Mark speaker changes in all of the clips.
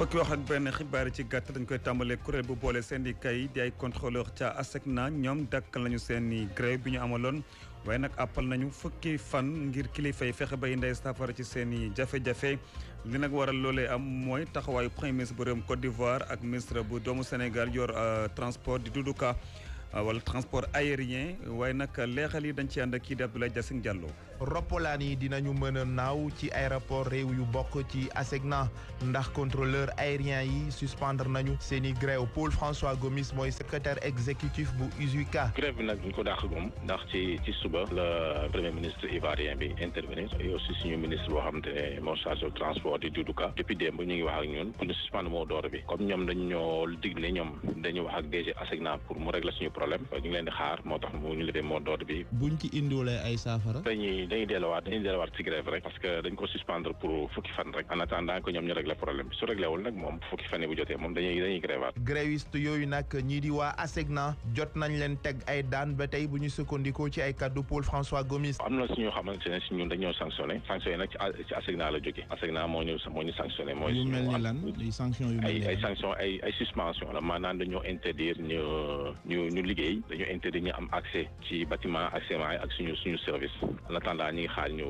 Speaker 1: fukki wax ak benn xibaar yi ci gàtt dañ koy tàmbalee kuréel bu boole syndicat yi di ay contrôleur ca na ñoom dàkkal nañu seen i grève bi ñu amaloon waaye nag àppal nañu fokki fan ngir kilifa yi fexe bay ndey saafara ci seen i jafe-jafe li nag waral loole am mooy taxawaayu premier ministre bu réewum Côte d'Ivoire ak ministre bu doomu Sénégal yor euh, transport di duduka euh, wala transport aérien waaye nag leexal yi dañ ci ànd ak kii di Abdoulaye jasin Diallo
Speaker 2: roppalaan yi dinañu mën a naaw ci aéroport réew yu bokk ci ASECNA ndax contrôleur aérien yi suspendre nañu seen i grève Paul François Gomis mooy secrétaire exécutif bu USUICA.
Speaker 3: grève bi nag duñ ko dàq gum ndax ci ci suba la premier ministre ivoirien bi intervenir et aussi suñu ministre boo xamante ne moo chargé transport di Doudou Ka depuis démb ñu ngi wax ñun pour ñu suspendre moo door bi comme ñoom dañu ñoo dig ne ñoom dañu wax ak DG pour mu régler suñu problème ñu xaar moo tax mu ñu leen moo door bi.
Speaker 2: buñ ci indoolee ay saafara.
Speaker 3: dañuy delluwaat dañuy delluwaat ci grève rek parce que dañ ko suspendre pour fukki fan rek en attendant que ñoom ñu régler problème bi su régler wul nag moom fukki fan bu jotee moom dañuy dañuy grévaat
Speaker 2: gréviste yooyu nag ñii di waa ASECNA jot nañ leen teg ay daan ba tey bu ñu sukkandikoo ci ay kaddu Paul François Gomis
Speaker 3: am na suñu xamante ne si ñun dañoo sanctionné sanctionné nag ci ASECNA la jógee ASECNA moo ñu moo ñu sanctionné mooy
Speaker 2: yu mel ni lan les sanctions yu
Speaker 3: mel ni ay sanctions ay ay suspension la maanaam dañoo interdire ñu ñu ñu liggéey dañoo interdire ñu am accès ci bâtiment accès ak suñu suñu service en attendant attendant ñu ngi xaar ñu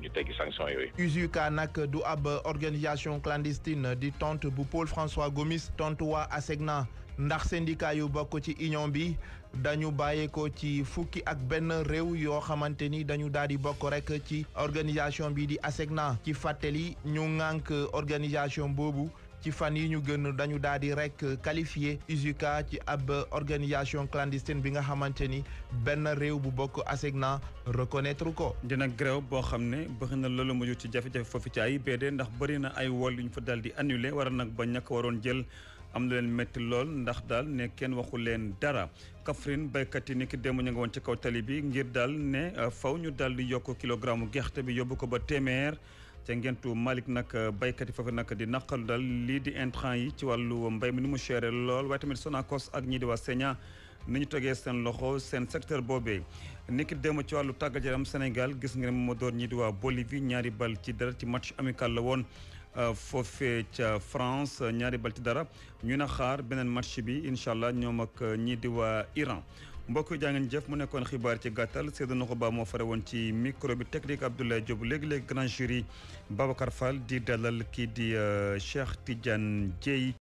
Speaker 3: ñu sanction yooyu
Speaker 2: USUCA nag du ab organisation clandestine di tontu bu Paul François Gomis tontu waa ASECNA ndax sendika yu bokk ci union bi dañu bàyyeekoo ci fukki ak benn réew yoo xamante ni dañu daal di bokk rek ci organisation bi di ASECNA ci fàttali ñu ŋànk organisation boobu ci fan yi ñu gën dañu daal di rek qualifié usuka ci ab organisation clandestine bi nga xamante ni benn réew bu bokk na reconnaître
Speaker 1: ko. dina grève boo xam ne bëgg na loolu mujj ci jafe-jafe foofu ci ay BD ndax bëri na ay wol yu ñu fa daal di annulé war nag ba ñàkk waroon jël. am na leen métti lool ndax daal ne kenn waxu leen dara Kaffrine béykat yi ni ki démb ñu ngi woon ci kaw tali bi ngir daal ne euh, faw ñu daal di yokk kilogramme gerte bi yóbbu ko ba téeméer ca ngentu Malick nag euh, béykat yi foofu nag di naqalu dal lii di intrant yi ci wàllu mbay mi nu mu chéré lool waaye tamit Sonacos ak ñii di waa Sénat ni ñu tegee seen loxo seen secteur boobee niki démb ci wàllu tàggat yaram Sénégal gis nga ne moo door ñii di waa Bolivie ñaari bal ci dara ci match amical la woon euh, foofe ca France ñaari bal ci dara ñu na xaar beneen match bi incha allah ñoom ak euh, ñii di waa Iran mbokk jaa ngeen jëf mu nekkoon xibaar ci gàttal Seydou Noxuba moo fare woon ci micro bi technique Abdoulaye Diop léegi-léegi grand jury Babacar Fall di dalal kii di euh, Cheikh Tidiane Dieye